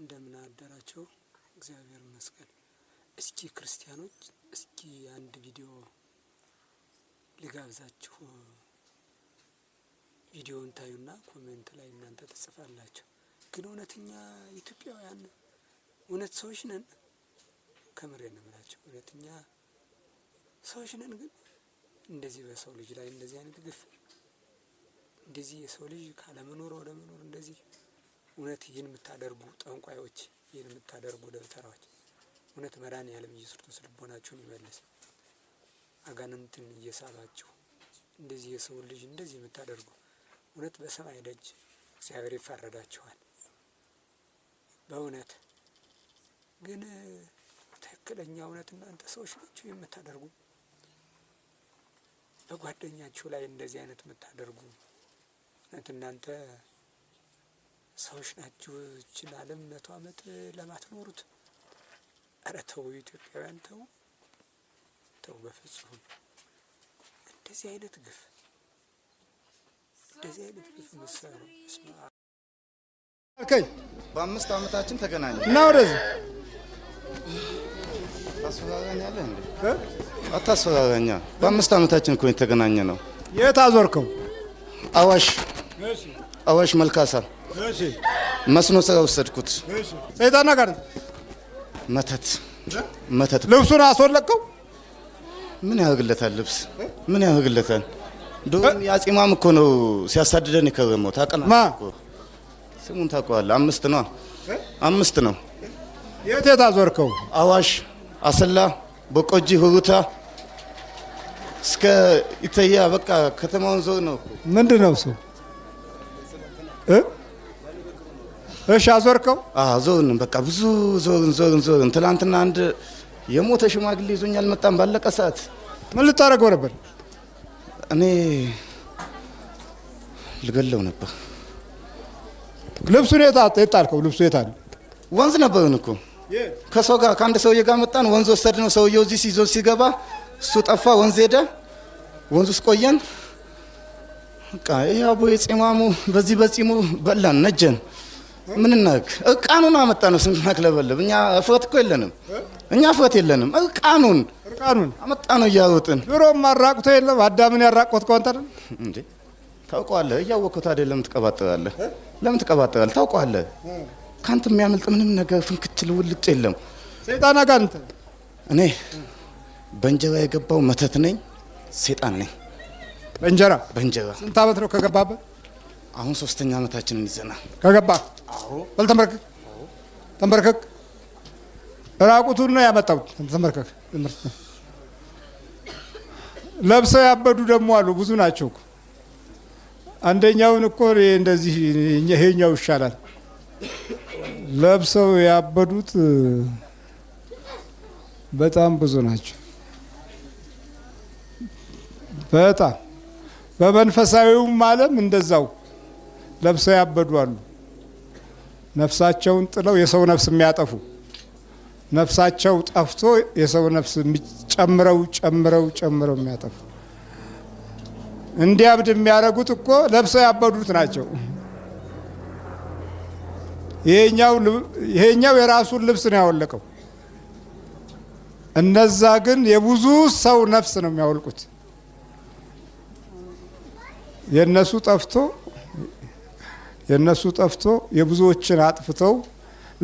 እንደምን አደራቸው። እግዚአብሔር ይመስገን። እስኪ ክርስቲያኖች እስኪ አንድ ቪዲዮ ልጋብዛችሁ። ቪዲዮን ታዩና ኮሜንት ላይ እናንተ ትጽፋላችሁ። ግን እውነተኛ ኢትዮጵያውያን እውነት ሰዎች ነን፣ ከምሬ ነው የምላቸው። እውነተኛ ሰዎች ነን። ግን እንደዚህ በሰው ልጅ ላይ እንደዚህ አይነት ግፍ እንደዚህ የሰው ልጅ ካለመኖር ወደ መኖር እንደዚህ እውነት ይህን የምታደርጉ ጠንቋዮች፣ ይህን የምታደርጉ ደብተራዎች፣ እውነት መድኃኔዓለም ኢየሱስ ክርስቶስ ልቦናችሁን ይመልስ። አጋንንትን እየሳባችሁ እንደዚህ የሰውን ልጅ እንደዚህ የምታደርጉ እውነት በሰማይ ደጅ እግዚአብሔር ይፋረዳችኋል። በእውነት ግን ትክክለኛ እውነት እናንተ ሰዎች ናችሁ የምታደርጉ በጓደኛችሁ ላይ እንደዚህ አይነት የምታደርጉ እውነት እናንተ ሰዎች ናችሁ። እችን ዓለም መቶ ዓመት ለማትኖሩት ኧረ ተው ኢትዮጵያውያን ተው ተው፣ በፍጹም እንደዚህ አይነት ግፍ እንደዚህ አይነት ግፍ ምሰሩ አልከኝ። በአምስት ዓመታችን ተገናኘ እና ወደዚህ ታስፈዛዛኛለህ እንዴ? አታስፈዛዛኛ። በአምስት ዓመታችን እኮ የተገናኘ ነው። የት አዞርከው? አዋሽ አዋሽ መልካሳ መስኖ ስራ ወሰድኩት። ሰይጣና ጋር መተት መተት። ልብሱን አስወለቀው። ምን ያደርግለታል? ልብስ ምን ያደርግለታል? እንደውም የአጼማም እኮ ነው ሲያሳድደን የከረመው። ታውቀና ስሙን ታውቀዋለህ? አምስት ነው አምስት ነው። የት የት አዞርከው? አዋሽ፣ አሰላ፣ በቆጂ፣ ሁሩታ እስከ ኢተያ በቃ ከተማውን ዞር ነው። ምንድን ነው ሰው እሺ አዞርከው? አዎ ዞርን። በቃ ብዙ ዞን ዞን ዞን። ትናንትና አንድ የሞተ ሽማግሌ ይዞኝ አልመጣም። ባለቀ ሰዓት ምን ልታደርገው ነበር? እኔ ልገለው ነበር። ልብሱን የት ጣልከው? ልብሱ የት አለ? ወንዝ ነበርን እኮ ከሰው ጋር ከአንድ ሰውዬ ጋር መጣን። ወንዝ ወሰድ ነው። ሰውየው እዚህ ሲዞ ሲገባ እሱ ጠፋ። ወንዝ ሄደ። ወንዝ ውስጥ ቆየን። በቃ ይህ አቦ የጺማሙ በዚህ በጺሙ በላን ነጀን። ምን እናክ እርቃኑን አመጣ ነው ስንናክ ለበለብ እኛ እፍረት እኮ የለንም፣ እኛ እፍረት የለንም። እርቃኑን እርቃኑን አመጣ ነው እያሮጥን። ድሮም አራቁቶ የለም አዳምን ያራቆት ከሆንተ እንዴ ታውቀዋለህ። እያወቅኸው ታዲያ ለምን ትቀባጥራለህ? ለምን ትቀባጥራለህ? ታውቀዋለህ። ከአንተ የሚያመልጥ ምንም ነገር ፍንክችል ውልጭ የለም። ሰይጣን አጋንንት እኔ በእንጀራ የገባው መተት ነኝ፣ ሰይጣን ነኝ። በእንጀራ በእንጀራ ስንት ዓመት ነው ከገባበት? አሁን ሶስተኛ አመታችንን ይዘናል። ከገባ በል ተንበርከክ ተንበርከክ። ራቁቱን ነው ያመጣው። ተንበርከክ። ለብሰው ያበዱ ደግሞ አሉ፣ ብዙ ናቸው። አንደኛውን እኮ እንደዚህ ይሄኛው ይሻላል። ለብሰው ያበዱት በጣም ብዙ ናቸው። በጣም በመንፈሳዊውም ዓለም እንደዛው ለብሰው ያበዱ አሉ። ነፍሳቸውን ጥለው የሰው ነፍስ የሚያጠፉ ነፍሳቸው ጠፍቶ የሰው ነፍስ ጨምረው ጨምረው ጨምረው የሚያጠፉ እንዲያብድ የሚያደርጉት እኮ ለብሰው ያበዱት ናቸው። ይሄኛው የራሱን ልብስ ነው ያወለቀው። እነዛ ግን የብዙ ሰው ነፍስ ነው የሚያወልቁት። የእነሱ ጠፍቶ የእነሱ ጠፍቶ የብዙዎችን አጥፍተው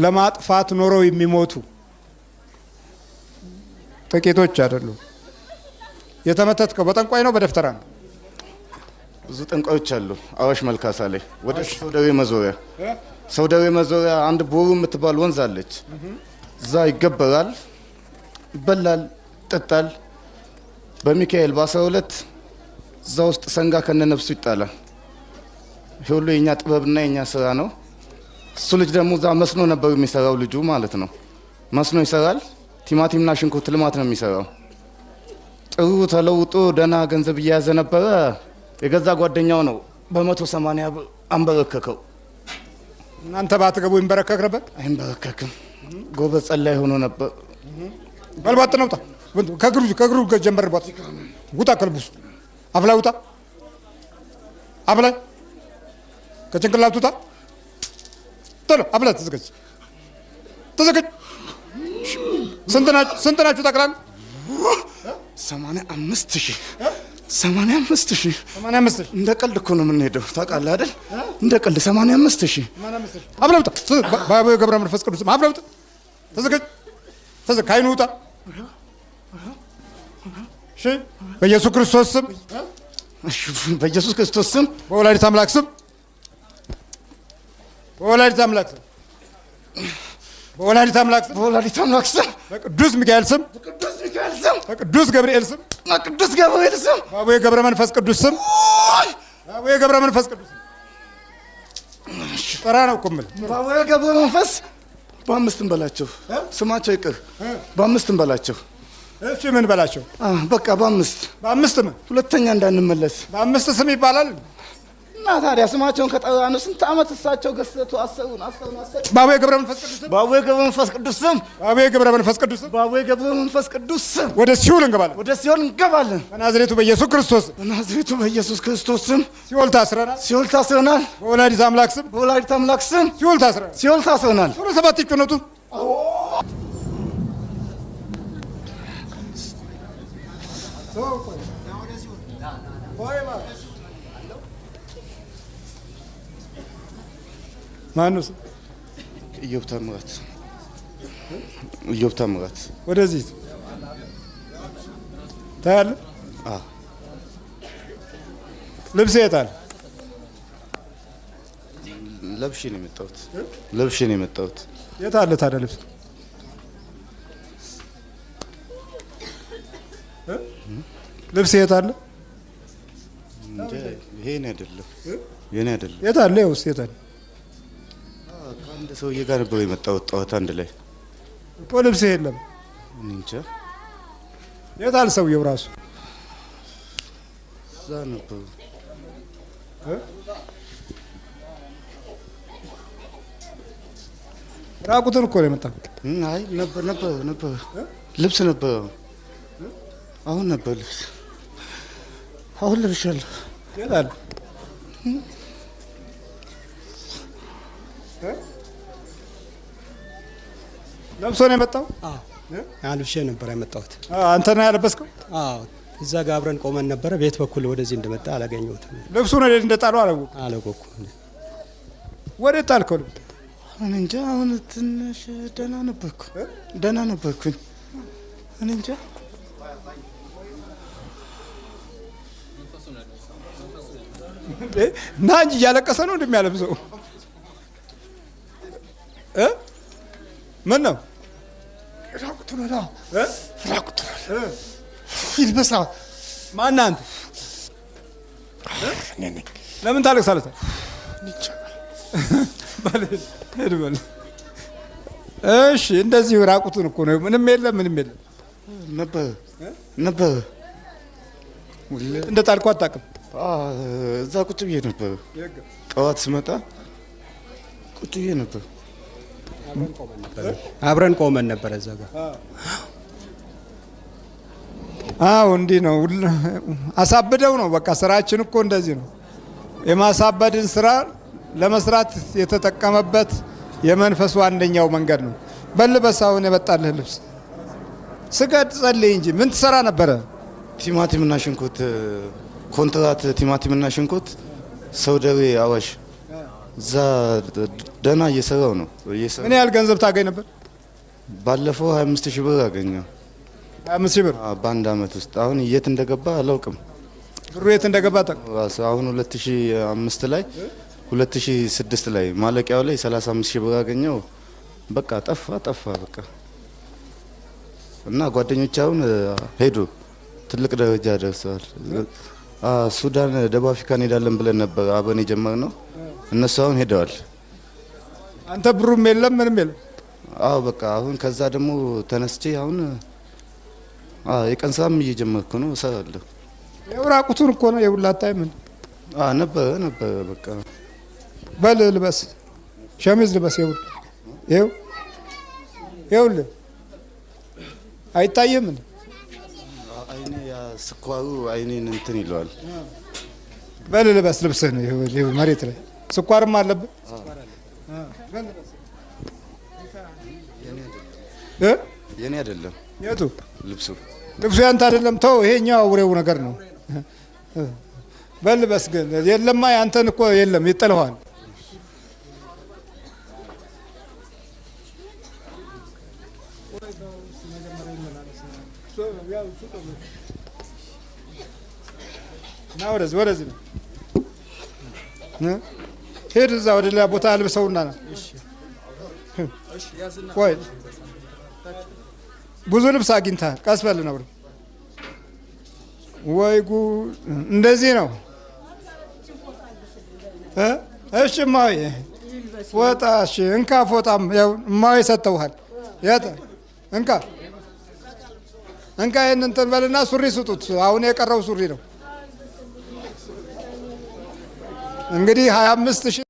ለማጥፋት ኖረው የሚሞቱ ጥቂቶች አይደሉም። የተመተትከው በጠንቋይ ነው በደፍተራ ነው። ብዙ ጠንቋዮች አሉ። አዋሽ መልካሳ ላይ ወደ ሰውደዌ መዞሪያ ሰውደዌ መዞሪያ አንድ ቦሩ የምትባል ወንዝ አለች። እዛ ይገበራል፣ ይበላል፣ ይጠጣል። በሚካኤል በ 12 እዛ ውስጥ ሰንጋ ከነነፍሱ ይጣላል። ሁሉ የኛ ጥበብና የኛ ስራ ነው። እሱ ልጅ ደግሞ እዛ መስኖ ነበር የሚሰራው ልጁ ማለት ነው። መስኖ ይሰራል። ቲማቲምና ሽንኩርት ልማት ነው የሚሰራው። ጥሩ ተለውጦ ደህና ገንዘብ እያያዘ ነበረ። የገዛ ጓደኛው ነው በመቶ ሰማንያ ብር አንበረከከው። እናንተ ባትገቡ ይንበረከክ ነበር። አይንበረከክም። ጎበዝ ጸላይ ሆኖ ነበር። በልባጥ ነውጣ ከግሩ ከግሩ ጀመር ጀመርባት ውጣ፣ ከልቡስ አፍላይ ውጣ፣ አፍላይ ከጭንቅላቱታ ጥሎ አብላት ተዘጋጅ ተዘጋጅ። ስንት ናችሁ ጠቅላላ? ሰማንያ አምስት ሺህ ሰማንያ አምስት ሺህ እንደ ቀልድ እኮ ነው የምንሄደው። ታውቃለህ አይደል? እንደ ቀልድ ሰማንያ አምስት ሺህ አብለብጣ በአብ ገብረ መንፈስ ቅዱስ አብለብጣ ተዘጋጅ ተዘጋጅ። ከአይኑ ውጣ በኢየሱስ ክርስቶስ ስም በኢየሱስ ክርስቶስ ስም በወላዲት አምላክ ስም በወላዲት አምላክ ስም በወላዲት አምላክ ስም በወላዲት አምላክ ስም በቅዱስ ሚካኤል ስም በቅዱስ ሚካኤል ስም በቅዱስ ገብርኤል ስም በቅዱስ ገብርኤል ስም በአቡዬ ገብረ መንፈስ ቅዱስ ስም በአቡዬ ገብረ መንፈስ ቅዱስ ስም ጠራ ነው እኮ የምልህ። በአቡዬ ገብረ መንፈስ በአምስትም በላቸው ስማቸው ይቅር። በአምስትም በላቸው እሺ ምን በላቸው? በቃ በአምስት በአምስት ምን ሁለተኛ እንዳንመለስ በአምስት ስም ይባላል። እና ታዲያ ስማቸውን ከጠራ ነው ስንት ዓመት እሳቸው ገሰቱ አሰሩን አሰሩን አሰሩ በአቡነ ገብረ መንፈስ ቅዱስ ስም በአቡነ ገብረ መንፈስ ቅዱስ ስም በአቡነ ገብረ መንፈስ ቅዱስ ስም ገብረ መንፈስ ቅዱስ ወደ ሲኦል እንገባለን ወደ ሲኦል እንገባለን። በናዝሬቱ በኢየሱስ ክርስቶስ በናዝሬቱ በኢየሱስ ክርስቶስ ስም ሲኦል ታስረናል ሲኦል ታስረናል። በወላዲተ አምላክ ስም በወላዲተ አምላክ ስም ሲኦል ታስረናል ሲኦል ታስረናል። ሶሎ ሰባት ጭነቱ Oh, ማነው? ኢዮብ ታምራት ኢዮብ ታምራት ወደዚህ ታያለህ። ልብስ የታል? ለብሼ ነው የመጣሁት። ለብሼ ነው የመጣሁት። የታለ ታዲያ ልብስ? ልብስ የታለ? ይሄን አይደለም፣ ይሄን አይደለም። የታለ? ይኸውስ የታለ አንድ ሰውዬ ጋር ነበር የመጣሁት ጠዋት አንድ ላይ እኮ ልብስ የለም። እንጃ የት አለ ሰውየው ራሱ? እዛ ነበሩ። ራቁትን እኮ ነው የመጣው። አይ ነበር ነበር ነበር ልብስ ነበር። አሁን ነበር ልብስ አሁን ለብሻለሁ። የት አለ? ለብሶ ነው የመጣው? አዎ አልብሼ ነበር የመጣሁት። አንተ ነው ያለበስከው? አዎ እዛ ጋር አብረን ቆመን ነበረ። ቤት በኩል ወደዚህ እንደመጣ አላገኘሁትም። ልብሱ ነው እንደ ጣሉ አላወኩም አላወኩም። ወደ ጣልከው ልብስ? እንጃ አሁን ትንሽ ደህና ነበርኩ ደህና ነበርኩኝ። እንጃ ና እንጂ እያለቀሰ ነው እንደሚያለብሰው እ ምን ነው ራቁቱን ሆና ራቁቱን ይልበሳ ማን አንተ ለምን ታለቅሳለህ? እሺ እንደዚህ ራቁቱን እኮ ነው። ምንም የለም ምንም የለም ነበር ነበር እንደ ጣልኩ አታውቅም። እዛ ቁጭ ብዬ ነበር። ጠዋት ስመጣ ቁጭ ብዬ ነበር። አብረን ቆመን ነበር እዛ ጋር። አዎ እንዲህ ነው። አሳብደው ነው በቃ ስራችን እኮ እንደዚህ ነው። የማሳበድን ስራ ለመስራት የተጠቀመበት የመንፈሱ አንደኛው መንገድ ነው። በልበስ አሁን የመጣልህ ልብስ ስገድ ጸልይ እንጂ ምን ትሰራ ነበረ? ቲማቲምና ሽንኩርት ኮንትራት ቲማቲምና ሽንኩርት ሰውደሬ አዋሽ እዛ ደህና እየሰራው ነው። ምን ያህል ገንዘብ ታገኝ ነበር? ባለፈው 25 ሺህ ብር አገኘው። 25 ሺህ ብር በአንድ አመት ውስጥ። አሁን የት እንደገባ አላውቅም። ብሩ የት እንደገባ አሁን 2005 ላይ 2006 ላይ ማለቂያው ላይ 35 ሺህ ብር አገኘው። በቃ ጠፋ ጠፋ በቃ እና ጓደኞች አሁን ሄዱ፣ ትልቅ ደረጃ ደርሰዋል። ሱዳን፣ ደቡብ አፍሪካ እንሄዳለን ብለን ነበር አብረን የጀመርነው እነሱ አሁን ሄደዋል። አንተ ብሩም የለም ምንም የለም። አዎ በቃ አሁን ከዛ ደግሞ ተነስቼ አሁን የቀን ስራም እየጀመርኩ ነው፣ እሰራለሁ። የውራቁቱን እኮ ነው የውላታ ምን ነበረ ነበረ። በቃ በል ልበስ፣ ሸሚዝ ልበስ። ይኸው ይኸው ይኸውልህ፣ አይታየም ምን አይኔ ያ ስኳሩ አይኔን እንትን ይለዋል። በል ልበስ ልብስህን፣ መሬት ላይ ስኳርም አለበት። የኔ አይደለም። የቱ ልብሱ? ልብሱ ያንተ አይደለም። ተው፣ ይሄኛው አውሬው ነገር ነው። በል በስ ግን የለማ ያንተን እኮ የለም፣ ይጥለዋል። ና ወደዚህ ወደዚህ ነው ሄድ እዛ ወደ ሌላ ቦታ አልብሰውና ነው። ብዙ ልብስ አግኝታ ቀስ በል ነው ወይ ጉ እንደዚህ ነው። እሺ እማዬ ፎጣ፣ እሺ እንካ ፎጣም ያው እማዬ ሰጥተውሃል። የት እንካ እንካ ይህን እንትን በልና ሱሪ ስጡት። አሁን የቀረው ሱሪ ነው። እንግዲህ 25